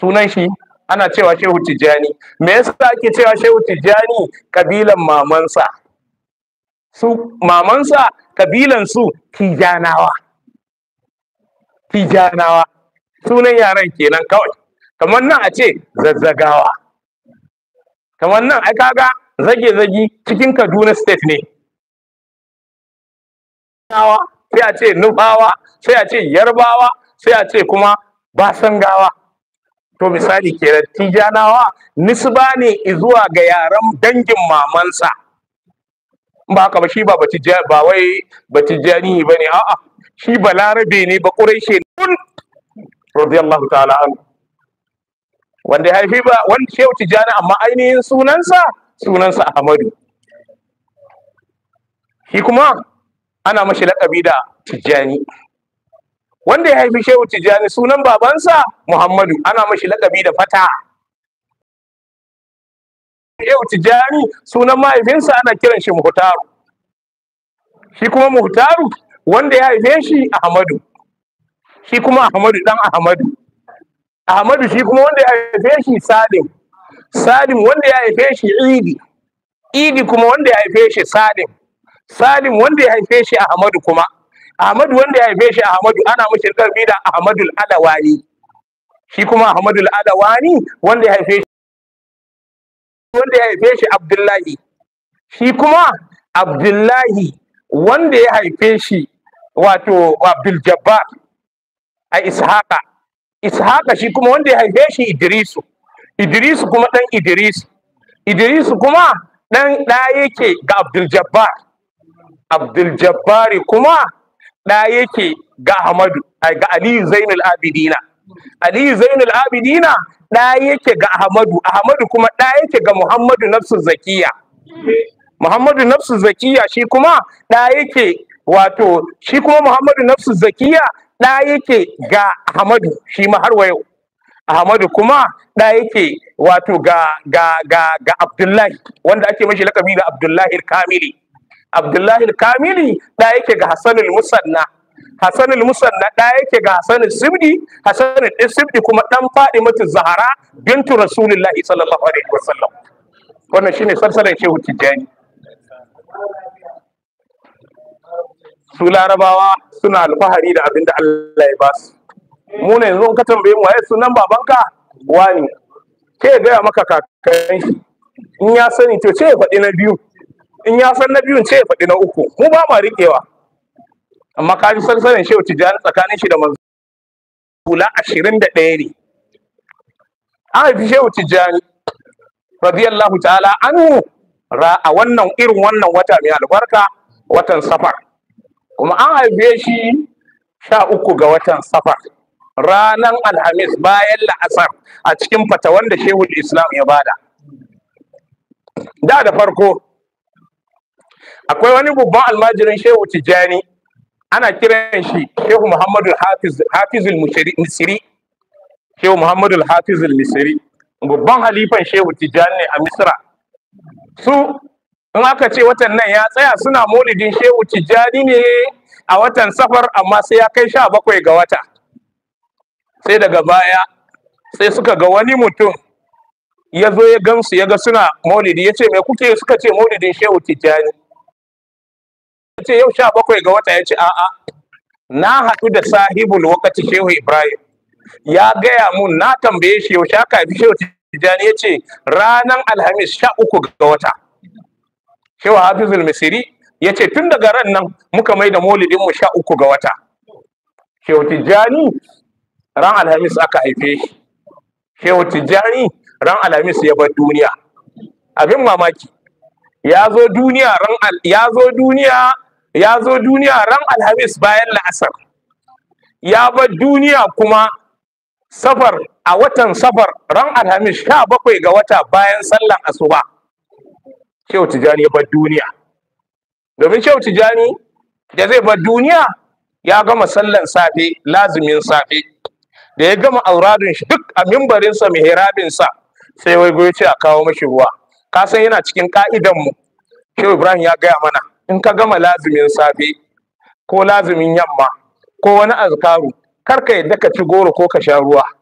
sunan shi ana cewa shehu tijjani me yasa ake cewa shehu tijjani kabilan mamansa su mamansa kabilan su tijanawa tijanawa sunan yaran kenan kawai kamar nan a ce zazzagawa kamar nan ai kaga zage-zagi cikin kaduna state ne sai a ce nufawa sai a ce yarbawa sai a ce kuma basangawa to misali kenan tijanawa nisba ne zuwa ga yaran dangin mamansa ba haka ba shi ba ba wai batijani ba ne a'a shi balarabe ne ba quraishi ne radiyallahu ta'ala an wanda haifi ba wanda shehu tijani amma ainihin sunansa sunansa ahmadu shi kuma ana mashi laƙabi da Tijani? wanda ya haifi shehu tijjani sunan babansa muhammadu ana mashi lakabi da fata shehu tijjani sunan mahaifinsa ana kiran shi muhtaru shi kuma muhtaru wanda ya haife shi ahmadu shi kuma ahmadu dan ahmadu ahmadu shi kuma wanda ya haife shi salim salim wanda ya haife shi idi idi kuma wanda ya haife shi salim salim wanda ya haife shi ahmadu kuma Ahmadu wanda ya haife shi Ahmadu ana mashi karbi da Al-Adawani shi kuma Ahmadul adawani wanda ya haife shi wanda ya haife shi Abdullahi shi kuma Abdullahi wanda ya haife shi wato Abdul Jabbar a Ishaqa Ishaqa shi kuma wanda ya haife shi Idrisu Idrisu kuma dan Idris Idrisu kuma dan da yake ga Abdul Jabbar Abdul Jabbar kuma ɗa yake ga Ahmadu ga Aliyu Zainul Abidina Aliyu Zainul Abidina ɗa yake ga Ahmadu Ahmadu kuma ɗa yake ga Muhammadu Nafsu Zakiya Muhammadu Nafsu Zakiya shi kuma ɗa yake wato shi kuma Muhammadu Nafsu Zakiya ɗa yake ga Ahmadu shi ma har wa yau Ahmadu kuma ɗa yake wato ga ga ga ga Abdullahi wanda ake mashi lakabi da Abdullahi Kamili abdullahi kamili da yake ga Hassanul musanna Hassanul musanna da yake ga Hassanul sibdi Hassanul sibdi kuma dan mutu zahara bintu rasulullahi sallallahu alaihi wasallam wannan shine sarsalan shehu tijani su larabawa suna alfahari da abinda Allah ya basu. mu ne yanzu ka tambaye mu waye sunan babanka wani ke gaya maka kakan in ya sani to ce faɗi na biyu in ya san na biyun ce ya faɗi na uku mu ba ma riƙewa amma ka ji sansanin shehu tijjani tsakanin shi da manzo Kula ashirin da ɗaya ne an haifi shehu tijjani radiyallahu ta'ala anhu a wannan irin wannan wata mai albarka watan safar kuma an haife shi sha uku ga watan safar ranan alhamis bayan la'asar a cikin fatawan da shehu islam ya bada da da farko akwai wani babban almajirin shehu tijani. ana kiran shi shehu muhammadu hafizul misri shehu muhammadu hafizul misri babban halifan shehu tijani ne a misra su in aka ce watan nan ya tsaya suna molidin shehu tijani ne a watan safar amma sai ya kai sha bakwai ga wata sai daga baya sai suka ga wani mutum ya zo ya gamsu ya ga suna molidi ya ce mai kuke suka ce molidin shehu tijani? ce yau sha bakwai ga wata ya ce a'a na haɗu da sahibul wakati shehu ibrahim ya gaya mun na tambaye shi yau sha kafi shehu tijjani ya ce ranar alhamis sha uku ga wata shehu hafizul misiri ya ce tun daga ran nan muka mai da maulidinmu sha uku ga wata shehu tijjani ran alhamis aka haife shi shehu tijjani ran alhamis ya bar duniya abin mamaki ya zo duniya ran ya zo duniya ya zo duniya ran alhamis bayan la'asar ya bar duniya kuma safar a watan safar ran alhamis sha bakwai ga wata bayan sallan asuba shehu tijani ya bar duniya domin shehu tijani da zai bar duniya ya gama sallar safe lazumin safe da ya gama auradun shi duk a mimbarinsa mihrabinsa sai wai goyi ce a kawo mashi ruwa ka san yana cikin ka'idanmu? mu shehu ibrahim ya gaya mana in ka gama lazumin safe ko lazumin yamma ko wani azkaru kar ka yadda ka ci goro ko ka sha ruwa